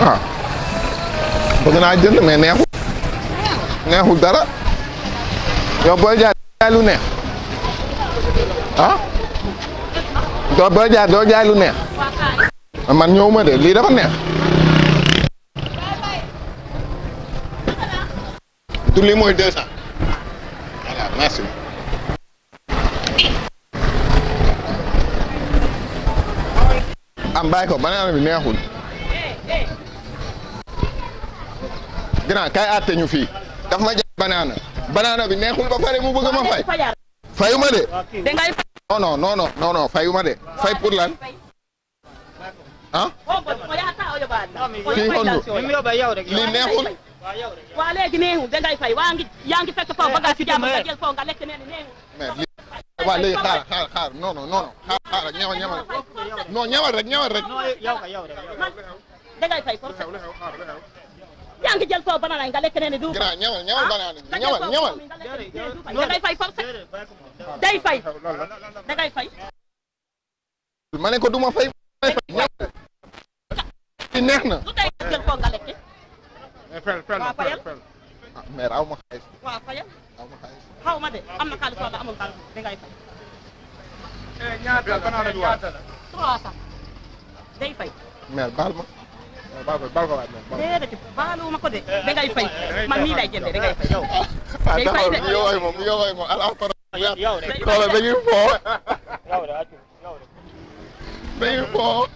ah bëgg naa jënd mais neexul neexul dara yow booy jaay jaay lu neex ah doo booy jaay doo jaay lu man ñëw ma de lii dafa neex du lii mooy deux cent ba merci am ah, bàyyi ko banaan bi neexul grand kay àtte ñu fii daf ma jaay banaana bi neexul ba pare mu bëgg ma fay fayu ma ma de fay pour lan ah fii li neexul waa léegi neexul dangay fay waa ngi yaa ngi fekk foofu bagage si jàmm nga jël foofu nga lekk nee na yaa ngi jël soow banana nga lekk nee ne du grand ñawal ñawal banana ñawal ñawal da fay forcé day fay da fay ma ne ko duma fay fay neex na lu tey jël soow nga lekk fel fel fel ah, mais aw ma xaalis waaw ma xaalis de am na xaalis amul xaalis eh, day fay mais baal ma baal ko baal ko waay moom. déedéet baaluma ko de dangay fay man nii lay jëndee dangay fay yow. day fay de yow ay moom yow ay moom alhamdulilah. yow de yow de dañuy foo. yow de yow de dañuy foo.